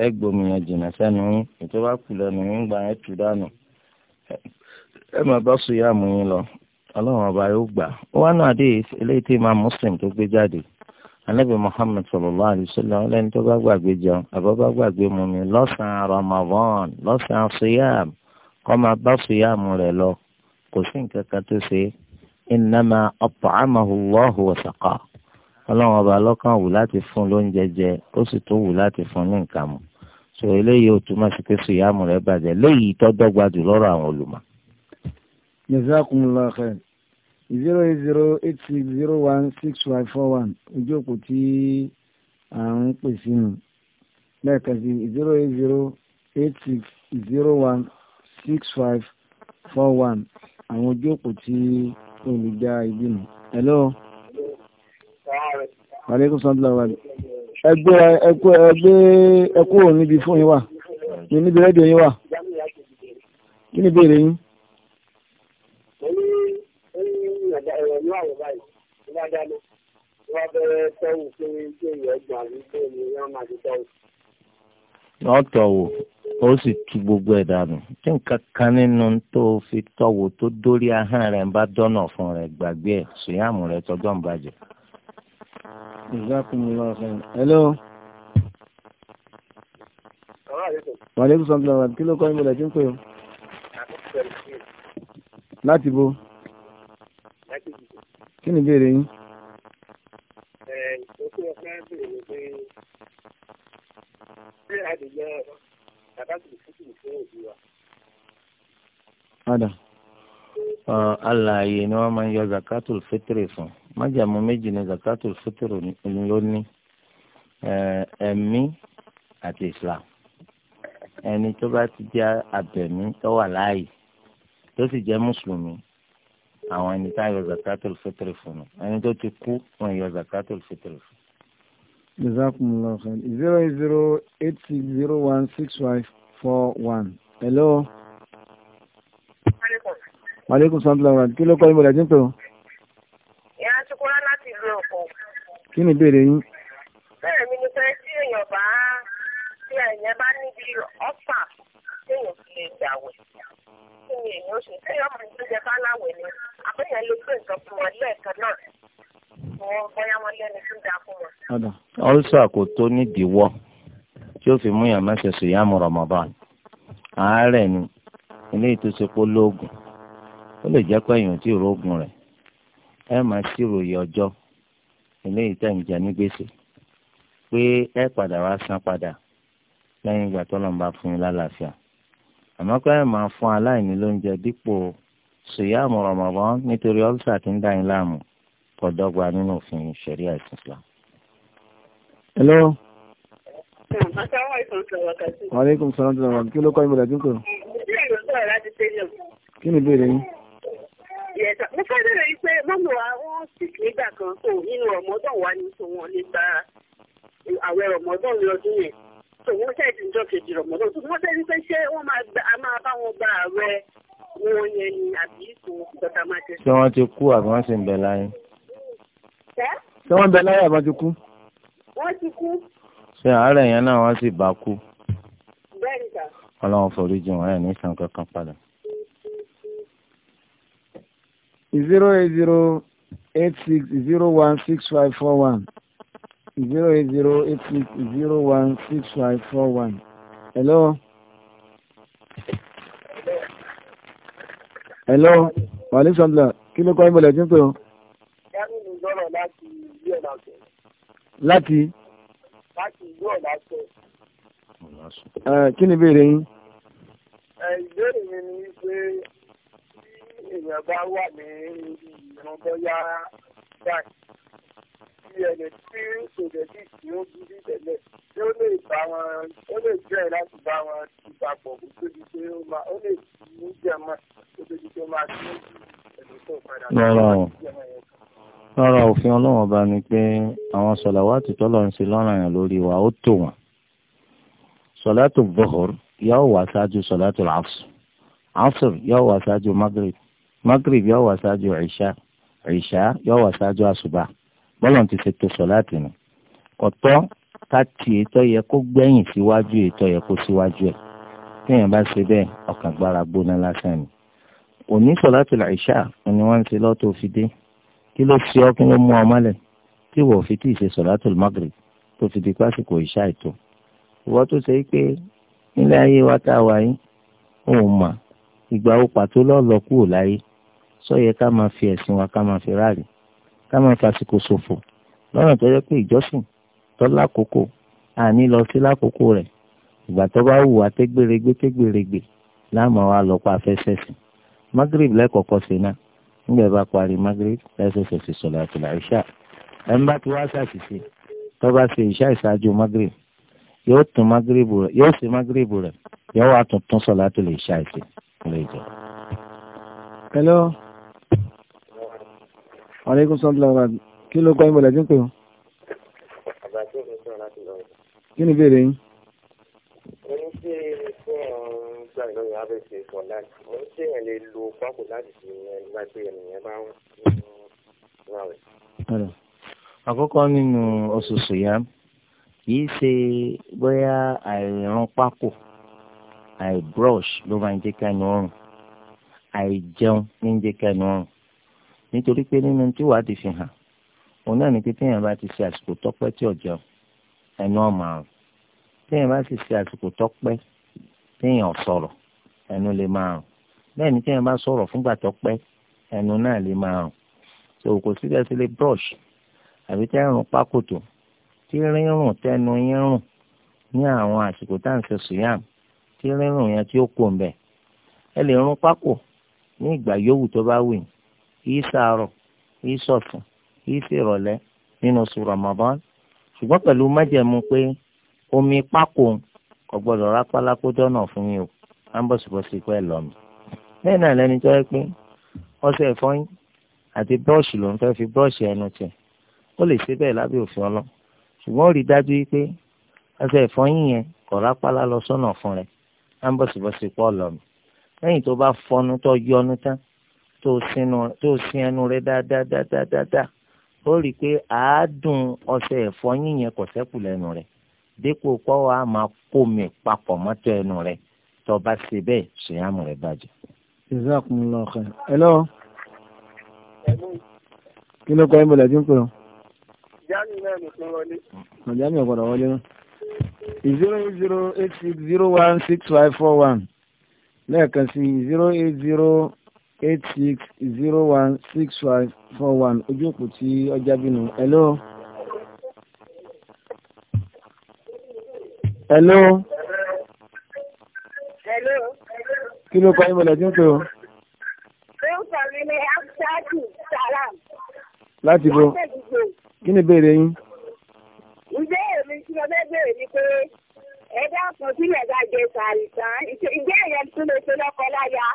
ẹ gbòmìyàn jìnnà sẹ́nu yín ètò bá kù lẹ́nu yín gbà ẹ tù dànù ẹ máa bá sùn yá mú yín lọ ọlọ́run ọba yóò gbà ó wá náà dé eléyìí tí máa Muslim tó gbé jáde anabi muhammed sallallahu alayhi wa sallam ọlẹ́ni tó bá gbàgbé jẹun àbọ̀ bá gbàgbé mu mi lọ́sàn-án ramadan lọ́sàn-án siyam kọ́ máa bá siyam rẹ̀ lọ kò sí nǹkan kan tó ṣe innama at'amahu Allahu wa saqa ọlọ́run ọba lọ́kàn wù láti fún lóúnjẹ jẹ ó sì tó wù láti fún ní nǹkan mu so eléyìí ò túmọ̀ sí pé siyam rẹ̀ bàjẹ́ léyìí tó dọ́gba àwọn olùmọ̀. jazakumullahu khairan zero eight zero eight six zero one six five four one ojú òpó tí à ń pè sí nù lẹ́ẹ̀kan sí zero eight zero eight six zero one six five four one àwọn ojú òpó tí olùdá ibi nù. hello. wàlẹ́kùn sọ́ńdúlà wà ẹgbẹ́ ẹgbẹ́ ẹgbẹ́ ẹkú níbi fóònù yín wà níbi rédíò yín wà kí ni ìbéèrè yín. bá dá lọ tó bá bẹ̀rẹ̀ tẹ́wù pé ṣé ìyẹn gbà ní pé mi yẹn máa ti tẹ́wù. wọ́n tọ̀wò ó sì tu gbogbo ẹ̀ dànù tí nǹkan kan nínú tó fi tọ̀wò tó dórí ahọ́n rẹ̀ ń bá dọ́nà fún rẹ̀ gbàgbé ẹ̀ sùyàmù rẹ̀ tọ́jọ́ ń bàjẹ́. hello. wàlẹ́kùn sọ̀tún kí ló kọ́ ìmọ̀lẹ̀ tí ń pè ọ́. láti bo kí ni ìbéèrè yín. ẹ ìṣòkò ọ̀fẹ́ bèrè ni pé ṣé a lè yẹ àbájáde fúkìrì fún òbí wa. padà alààyè ni wọ́n máa ń yọ zakatul fitri fún májàmú méjì ni zakatul fitri ló ní ẹ̀mí àti islam ẹni tó bá ti jẹ́ abẹ̀mí tó wà láàyè tó sì jẹ́ mùsùlùmí àwọn ẹni tá yọ zakatul fitr fún ẹni tó ti kú wọn yọ zakatul fitr fún. jazakumullahu khair zero zero eight six zero one six five four one hello. maaleykum salaam wa kí ló kọ́ ibodà tí ń pè ọ́. ìyá Ṣokola láti ìlú Èkó. kí ni ìbéèrè yín. bẹ́ẹ̀ mi ni pé tí èèyàn bá tí èèyàn bá níbi ọ́fà téèyàn fi lè gbàwẹ̀ kí ni èèyàn ó ṣe téèyàn mọ̀ ní oúnjẹ bá láwẹ̀ ni àbẹ̀yẹn lè pè nǹkan fún wọn lẹ́ẹ̀kan náà wọn bóyá wọn lẹ́nu tó dáa fún wọn. ọlsà kò tó nídìíwọ́ tí ó fi mú yàn mẹsẹ sùyàmù Ramadan àárẹ̀ ni ilé ìtòsípò lóògùn ó lè jẹ́ pé èèyàn tí ìrógùn rẹ̀ ẹ máa ṣíròyè ọjọ́ ilé ìtẹ̀jẹ̀ ní gbèsè pé ẹ padà wá san padà lẹ́yìn ìgbà tó lọ́nba fún yín lálàáfíà àmọ́ pé ẹ máa fún aláìní lóúnjẹ dípò sùyàmù Ramadan nítorí ọ́lùsà tí ń dá yín láàmú kò dọ́gba nínú òfin ṣẹ̀ríà Islam. hello. maaleykum salaam tí wọ́n kí ló kọ́ ìmọ̀lẹ́ dínkù. kí ni ìbéèrè yín. mo fẹ́ bẹ̀rẹ̀ yìí pé mọ́mọ́ wa wọ́n sick nígbà kan tó nínú ọmọdún wa ní tó wọn lè gba àwẹ̀ ọmọdún lọ́dún yẹn tó wọ́n ṣẹ̀dí ìjọ kejì ọmọdún tó wọ́n fẹ́ rí pé ṣé wọ́n máa bá ṣé wọ́n ti kú àbí wọ́n sì ń bẹ láyé. ṣé wọ́n ń bẹ láyé àbí wọ́n ti kú. wọ́n ti kú. ṣé àárẹ̀ yẹn náà wọ́n sì bá kú. bẹ́ẹ̀ ni ọlọ́run forí jìn wọ́n ẹ̀ ní ìsàn kankan padà. zero eight zero eight six zero one six five four one zero eight zero eight six zero one six five four one. hello. hello wàhálà ìṣàmùlà kí ló kọ́ ẹ́ mọ̀lẹ́ tí ń pè ọ́. Jamiu sọ̀rọ̀ láti ìlú ọ̀nà Láti. Láti ìlú ọ̀nà eh, Kí ni ìbéèrè yín? Ìbéèrè mi ni wípé tí èèyàn bá wà ní ibi ìrànbọ́yá báyìí ti ẹ̀lẹ̀ tí sòdẹ̀tì tí ó bí bí tẹ̀lẹ̀ tí ó lè bá wọn ó lè jẹ́ láti bá wọn ti papọ̀ kó tó di pé ó máa ó lè mú jẹ̀mọ́ kó tó di ó máa tún ẹ̀lẹ́ tó padà tó jẹ̀mọ́ yẹn rárá òfin ọlọ́run ọba ni pé àwọn sọ̀làwátì tọ́lọ̀ ń ṣe lọ́ràn yàn lórí wa ó tò wọ́n sọ̀látù bọ́hùr yóò wá ṣáájú sọ̀látù àfṣù àfṣù yóò wá ṣáájú magrib magrib yóò wá ṣáájú ìṣá ìṣá yóò wá ṣáájú àṣùbà bọ́lọ̀ ti ṣètò sọ̀láàtì ni kọ̀tọ́ ká ti ètò yẹ kó gbẹ̀yìn síwájú ètò yẹ kó síwájú ẹ̀ téèyàn bá ṣe bẹ́ẹ̀ ọkàn gbára gbóná lásán ni òní sọ̀láàtì làìṣà ni wọ́n ń ṣe lọ́tò fi dé kí ló ṣe ọ́ kí ló mú ọ mọ́lẹ̀ tí wọ́n fi tí ì ṣe sọ̀láàtì magrib tó fi di pásìkò ìṣá ètò ìwọ́n tó ṣe pé nílé ayé wa tá a wà yín òun mà ìgbà ó pàtó lọ́ọ̀lọ́ kúrò láyé sọ yẹ ká máa fi ẹ̀sìn wa ká máa fi ráàlì ká máa fàsìkò ṣòfò lọ́nà tó yẹ pé ìjọsìn tó lákòókò àní lọ sí lákòókò rẹ̀ ìgbà tó bá wù wá tégbèrègbè tégbèrègbè láàmú wa lọ pa afẹ́fẹ́ magrib lẹ́kọ̀ọ́kọ́ sí náà nígbà bá parí magrib lẹ́sẹ̀sẹ̀ sí sọ̀lá àtìlá ìṣá ẹ̀ ń bá ti wá ṣàṣìṣe tó bá ṣe ìṣá ìṣáájú magrib yóò tún magrib rẹ̀ yóò ṣe magrib rẹ̀ yóò wá tuntun sọ̀lá àtìlá ìṣá ìṣe. hello aleykum sọ́ńtìlá ọ̀rọ̀ kí ló kọ́ ìmọ̀lẹ̀ tí ń pè wọ́n. àgbà tí òfin sọ̀rọ̀ láti lọ. kí ni ìbéèrè yín. mo ní ṣe fún ọ̀hún gbà lóyún abẹ́sẹ̀ for life mo ní ṣe èèyàn lè lo pákó láti fi ẹni bá gbé ènìyàn bá wọn náà rẹ̀. àkọ́kọ́ nínú oṣooṣù yá kì í ṣe bóyá àìrán pákó àìbrush ló máa ń jẹ́ kẹ́nu ọrùn àìjẹun ní ń jẹ́ kẹ́nu ọrùn nítorí pé nínú tí wàá di fi hàn òun náà ní pé téèyàn bá ti ṣe àsìkò tọ́pẹ́ tí ọjọ́ ẹnu ọmọ àrùn téèyàn bá sì ṣe àsìkò tọ́pẹ́ téèyàn sọ̀rọ̀ ẹnu lè máa rùn bẹ́ẹ̀ ni téèyàn bá sọ̀rọ̀ fúngbà tọ́pẹ́ ẹnu náà lè máa rùn so kò síbẹ̀ sí lè brush àbí tẹ́rùn pákòtò tí rírùn tẹnu yín rùn ní àwọn àsìkò tá à ń ṣe sùyàm tí rírùn yẹn tí ó kò ń bẹ̀ ẹ lè rún pákò ní ìgbà yòówù tó bá wù yín kì í sàárọ̀ kì í sọ̀tún kì í sèrọ̀lẹ́ nínú oṣù Ramadan ṣùgbọ́n pẹ̀lú májẹ̀mú pé omi pákó kò gbọdọ̀ rápálá kó dọ́nà fún yín o à ń bọ̀sibọ̀sì pẹ́ lọ́mù. bẹ́ẹ̀ náà lẹ́ni tó yẹ pé ọṣẹ ìfọyín àti búrọ́ọ̀ṣì ló ń fẹ́ fi búrọ́ọ̀ṣì ẹnu tẹ̀ ó lè ṣe bẹ́ẹ̀ lábẹ́ òfin ọlọ́ ṣùgbọ́n ó rí dájú pé ọṣẹ ìfọyín yẹn kò rápálá lọ sọ́nà fún rẹ̀ à ń bọ̀sibọ̀sì pọ̀ lọ́mù. lẹ́yìn tó bá fọnú tó yọnu tán tó sin ẹnu rẹ dáadáa ó rí i pé àádùn ọṣẹ ẹ̀fọ́ yíyan kò sẹ́kù lẹ́nu rẹ̀ dípò pọ́wọ́ á máa kó mi papọ̀ mọ́tò ẹnu rẹ̀ tó bá ṣe bẹ́ẹ̀ ṣèyàmù rẹ̀ bàjẹ́. jazakumullahu khair. hello. kí ló kọ́ ẹ́ bọ̀dọ̀ tí ń pè ọ́. jáàmì náà ló fún wọlé. jáàmì ọ̀gbọ̀dọ̀ wọlé náà. zero zero eight six zero one six five four one lẹ́ẹ̀kan sí zero eight zero eight six zero one six five four one ojú òpó tí ọjà bínú. hello. hello. hello. kí ló kọ́ ẹ́ mọ̀lẹ́ tí ń tó. orúkọ mi ni abdulhaki salam. láti bo kí ni ìbéèrè yín. ìbéèrè mi tí mo fẹ́ béèrè ni pé ẹ dákun sílẹ̀ bá jẹ sàrìsàn ìjẹ́ ìyẹn tún lè ṣe lọ́kọ láya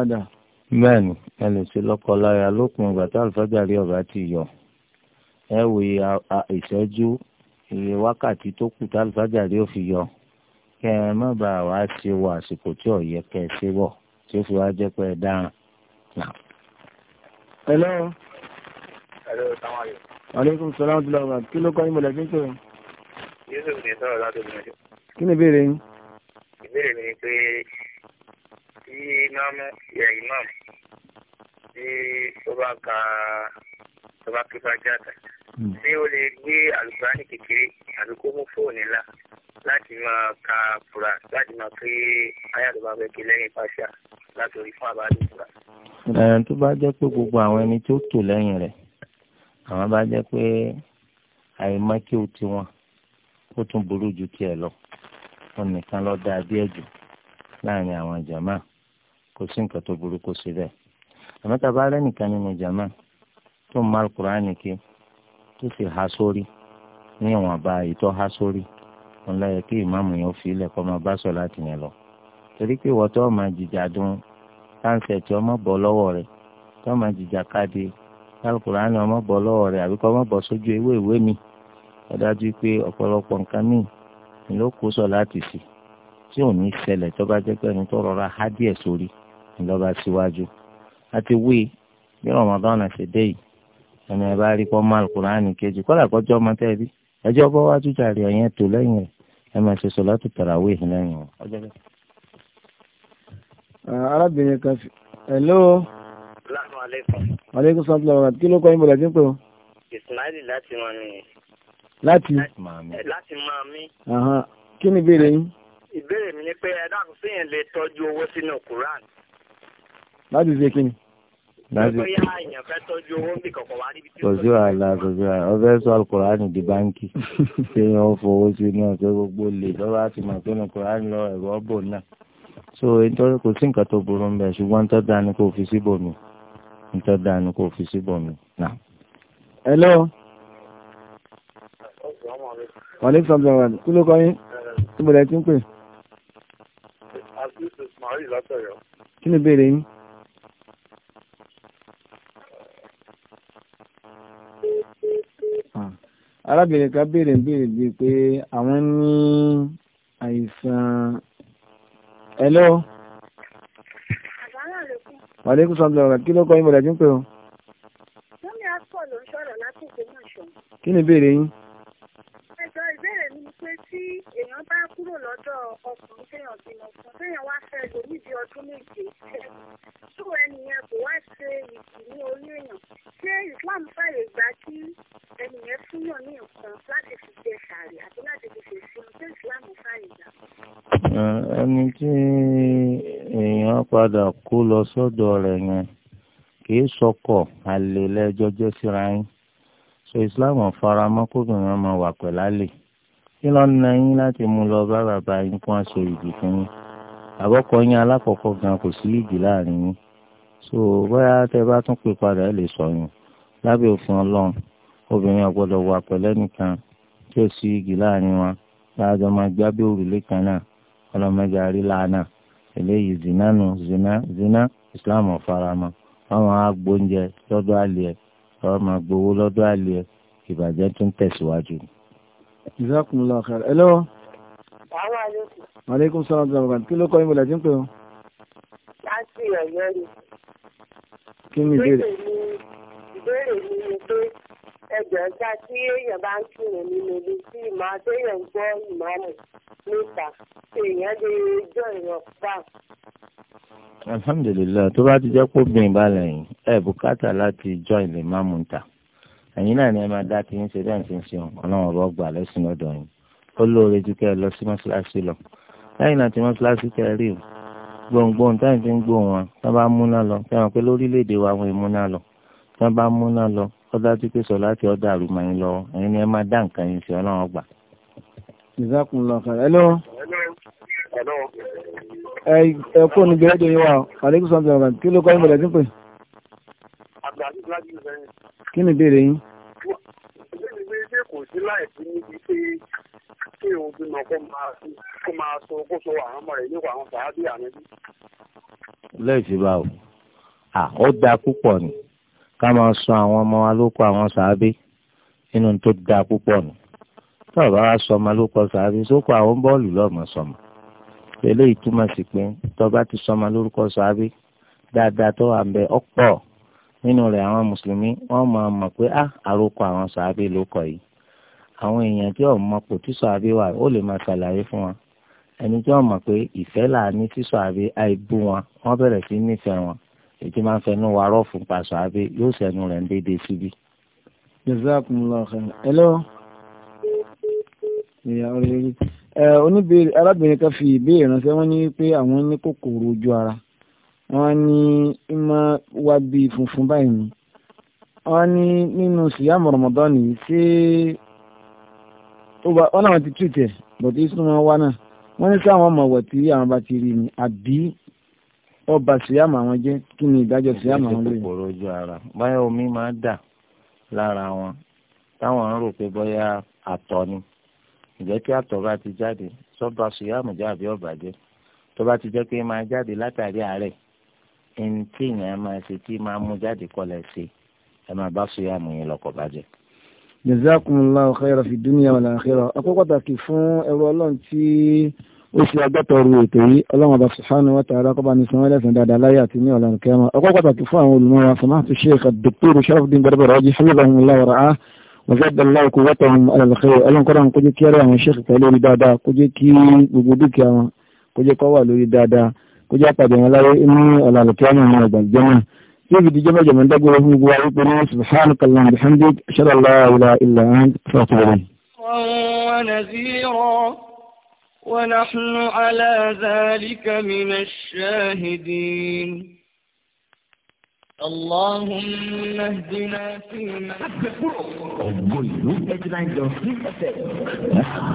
bẹ́ẹ̀ni ẹ lè ṣe lọ́kọ láya lópin ìgbà tí àlùfáàjárí ọba ti yọ ẹ wo ìṣẹ́jú iye wákàtí tó kù tí àlùfáàjárí ò fi yọ kẹ ẹ má bàa wá ṣe wọ àsìkò tí ò yẹ kẹ ẹ ṣe wọ tí ó fi wá jẹ́ pé ẹ dáràn. hello. hello sáwọn àyè. aleykum salaam wa rahmatulah kí ló kọ́ ní mọ̀lẹ́bí ń pè é. yusuf sọ̀rọ̀ látọ̀ bí mo kí ni ìbéèrè yín. ìbéèrè mi ni pé tí imáàmù yẹ imáàmù tí ó bá ka tó bá kí bá jáde tí ó lè gbé àlùbáàní kékeré àbí kó mú fóònù ńlá láti máa ka fura láti máa pé ayàtọ̀ bá fẹ́ kí lẹ́yìn fàṣà láti orí fún àbájá fura. ẹ̀rọ tó bá jẹ́ pé gbogbo àwọn ẹni tó tò lẹ́yìn rẹ̀ àwọn bá jẹ́ pé àìmọ́ kí tiwọn ó tún burú ju tiẹ̀ lọ òun nìkan ló dáa bí ẹ̀jù láàrin àwọn jàmáà kò sí nǹkan tó burú kó ṣe bá rẹ́nìkan nínú jama tó ń mal kuraani ké tó sì há sórí ní ìwọ̀nba ìtọ́ há sórí wọn lọ yẹ kí ìmáàmù yẹn fi ilẹ̀ kọ́ máa bá sọ láti yẹn lọ torí pé ìwọ́tọ́ máa jìjà dùn táǹsẹ̀ tí ọmọ bọ́ lọ́wọ́ rẹ̀ tó máa jìjà káde kálukùránì ọmọ bọ́ lọ́wọ́ rẹ̀ àbíkọ́ ọmọ bọ́ sójú ewé ìwé mi ọ̀dájú pé ọ̀pọ̀lọpọ̀ nǹkan míì ló kó sọ láti sì tí ò ní ṣẹlẹ̀ tó bá jẹ́ pé ẹni tó rọra há díẹ̀ sórí ńlọba síwájú àti wí bí Ramadan ṣe dé yìí ẹni ẹ bá rí kọ́ máa Kùránì kejì kọ́lá kọjọ́ ọmọ tẹ́ rí ẹjọ́ bọ́ wájú jàre ẹ̀yẹn tó lẹ́yìn rẹ̀ ẹ máa ṣe sọ̀látù tàràwíì lẹ́yìn rẹ̀. arábìnrin kan fi hello. salaamu aleykum. aleykum salaam kí ló kọ́ yín bọ̀dọ̀ tí ń pè ọ́. Ismaili láti máa mi. láti. láti máa mi. kí ni ìbéèrè yín. ìbéèrè mi ni pé ẹ dákun sí yẹn lè tọ́jú owó sínú Kùránì láti ṣe kí ni. kò sí wàhálà kò sí wàhálà ọfẹ sọ alukurani di báńkì kéèyàn fowó sí náà pé gbogbo lè lọ́wọ́ àti mọ̀ pé alukurani lọ ẹ̀rọ ọ̀bọ̀ náà so nítorí kò sí nǹkan tó burú ń bẹ ṣùgbọ́n ń tọ́ da ni kò fi síbò mi ń tọ́ da ni kò fi síbò mi náà. hello. wà ní sọ́ọ̀bù ọ̀rọ̀ kí ló kọ́ yín tí mo lẹ́ ti ń pè. kí ni ìbéèrè yín. arábìnrin kan béèrè ń béèrè bíi pé àwọn ní àìsàn ẹlọ. wàlékún sọ́ńdọ̀ ọ̀rọ̀ kí ló kọ́ yín bọ̀dà tí ń pè ọ́. kí ni ìbéèrè yín tí èèyàn bá kúrò lọ́dọ̀ ọkùnrin téèyàn bímọ fún téèyàn wá fẹ́ lò níbi ọdún méje tó ẹnìyẹn kò wá ṣe ìsì ní orí èèyàn ṣé Islam fàyè gbà kí ẹnìyẹn fúnyàn ní nǹkan láti fi jẹ sàárè àti láti fi ṣe sí ṣé Islam fàyè gbà. ẹni tí èèyàn padà kó lọ sọ́dọ̀ rẹ̀ yẹn kì í sọkọ̀ àlè lẹ́jọ́ jẹ́ síra yín so Islam faramọ́ kóbìnrin ọmọ wà pẹ̀lú àlè kí ló ń na yín láti mú lọ bá bàbá yín kó aṣọ ìdì fún yín àbọ̀kọ yín alákọ̀ọ́kọ́ gan kò sí ìdì láàrin yín so bóyá tẹ bá tún pè padà ẹ lè sọ yín lábẹ́ òfin ọlọ́run obìnrin ọ̀gbọ́dọ̀ wà pẹ̀lẹ́ nìkan tí ò sí ìdì láàrin wọn láàjọ máa gbábẹ́ òrùlé kan náà ọlọ́mọdé àrílà eléyìí zina nù zina zina islam ọ̀farama àwọn agbóúnjẹ lọ́dọ̀ àlè ẹ̀ ọmọ agbowó lọ́dọ̀ àlè ìbàjẹ́ tún tẹ̀síwájú jazakumullahu khair hello. àwọn àlejò. maaleykum salaam wa rahmatulah kí ló kọ́ ìmọ̀lẹ̀ tí ń pè ọ́. láti ọ̀yọ́ ni. kí ni ìbéèrè. ìbéèrè mi ni pé ẹgbẹ̀rún ta tí èèyàn bá ń kírun nínú ilé tí ìmọ̀ àtẹ̀yàn gbọ́ ìmọ̀ọ́mù níta èèyàn lè jọ ìrọ̀ pa. alhamdulilayi tó bá ti jẹ́ kó bìn balẹ̀ yìí ẹ̀ bùkátà láti jọ ìlè máàmù ta ẹ̀yin náà ni ẹ máa dá kí n ṣe bẹ́ẹ̀ ṣe ń ṣe ọlọ́run ọ̀rọ̀ ọgbà lẹ́sìn lọ́dọ̀ yìí ó lóore ju kẹ́ ẹ lọ sí mọ́ṣáláṣí lọ lẹ́yìn náà tí mọ́ṣáláṣí tẹ̀ rí o gbòǹgbòǹ táyì ti ń gbò wọn tí wọ́n bá múná lọ tí wọ́n pé lórílẹ̀‐èdè wa wọn ìmúná lọ tí wọ́n bá múná lọ ó dájú pé sọ láti ọ̀dọ̀ àrùmọ̀ yín lọ ẹ̀yin ni ẹ máa dá nǹkan yín ṣe ọlọ́run ọgbà. ìzákùnlọ hello ẹ kó ní gbẹ́dẹ̀ yín wá àlékún sọ́ńtì ọ̀gá kí ló kọ́ ìmọ̀lẹ́ tí Abdulaziz láti ìlú Kí ni ìbéèrè yín? Ìbéèrè pé o, ó dáa púpọ̀ ni ká máa sọ àwọn ọmọ wa ló kọ àwọn sàábì nínú tó dáa púpọ̀ ni. Tí wa sọ ọmọ ló kọ sàábì, sókò àwọn bọ́ọ̀lù lọ́mọ sọmọ. Eléyìí túmọ̀ sí pé tọ́ba ti sọ ọmọ lórúkọ sàábì dáadáa tó wà ń bẹ ọ̀pọ̀ nínú rẹ̀ àwọn mùsùlùmí wọ́n máa mọ̀ pé á ah, àròkọ àwọn sàábé ló kọ̀ yìí àwọn èèyàn tí ò mọ̀ pò tí sàábé wà ó lè máa ṣàlàyé fún wọn ẹni tí wọ́n mọ̀ pé ìfẹ́ làání tí sàábé àìbú wọn wọ́n bẹ̀rẹ̀ sí nífẹ̀ẹ́ wọn ètí máa ń fẹnu wa rọ́ọ̀fù pa sàábé yóò sẹ́nu rẹ̀ ń déédéé síbí. jazakumullahu hello oníbèrè arábìnrin kan fi ìbéèrè ránṣẹ́ wọ́n ní pé àwọn ní kòkòrò ojú ara wọ́n ní ìmọ̀ wá bí funfun báyìí ni wọ́n ní nínú síyàmù Ramadan nìyí ṣé wọ́n náà ti tù tẹ̀ bọ̀dé súnmọ́ wá náà wọ́n ní sáwọn ọmọ ọ̀wọ̀ tí àwọn bá ti rí ni àbí ọba síyàmù àwọn jẹ́ kí ni ìdájọ́ síyàmù àwọn lóye. kòkòrò ojú ara báyọ̀ omi máa dà lára wọn táwọn ń rò pé bóyá àtọ̀ ni ìjẹ́ kí àtọ̀ bá ti jáde sọ́ba síyàmù jẹ́ àbí ọ̀bàjẹ́ tó bá ti jẹ́ pé máa jáde látàrí àárẹ̀ ẹni tí èèyàn máa ṣe tí máa mú jáde kọlẹ̀ ṣe ẹ máa bá sọ yàmù yín lọkọ̀ bàjẹ́. jazakumullahu khairan fi dunya wal akhirah ọpẹ́ pàtàkì fún ẹrú ọlọ́run tí ó ṣe agbátọrù ètò yìí ọlọ́run ọba subhanahu wa ta'ala kọ́ba ní sanwó ẹlẹ́sìn dáadáa láyé àti ní ọ̀lànà kẹ́mọ́ ọpẹ́ pàtàkì fún àwọn olùmọ̀ràn samahatu sheikh dr sharafdin gbadebo raji hafizahumullahu wa ra'ah وزاد الله قوتهم على الخير ألم قرأ كجي كيرا وشيخ كالوري دادا كجي كي وجودك كجي قوى لوري دادا kó jẹ́ àpàdé wọn láyé ní ọ̀là àlùkẹ́yàmù ní ọgbà ìjọmọ̀ tí ó fi di jọmọ̀ jọmọ̀ dágbére fún gbogbo àwọn ìpinnu subhanaka allahumma bihamdik shalla la ilaha illa anta astaghfiruka ونحن على ذلك من الشاهدين اللهم اهدنا فيمن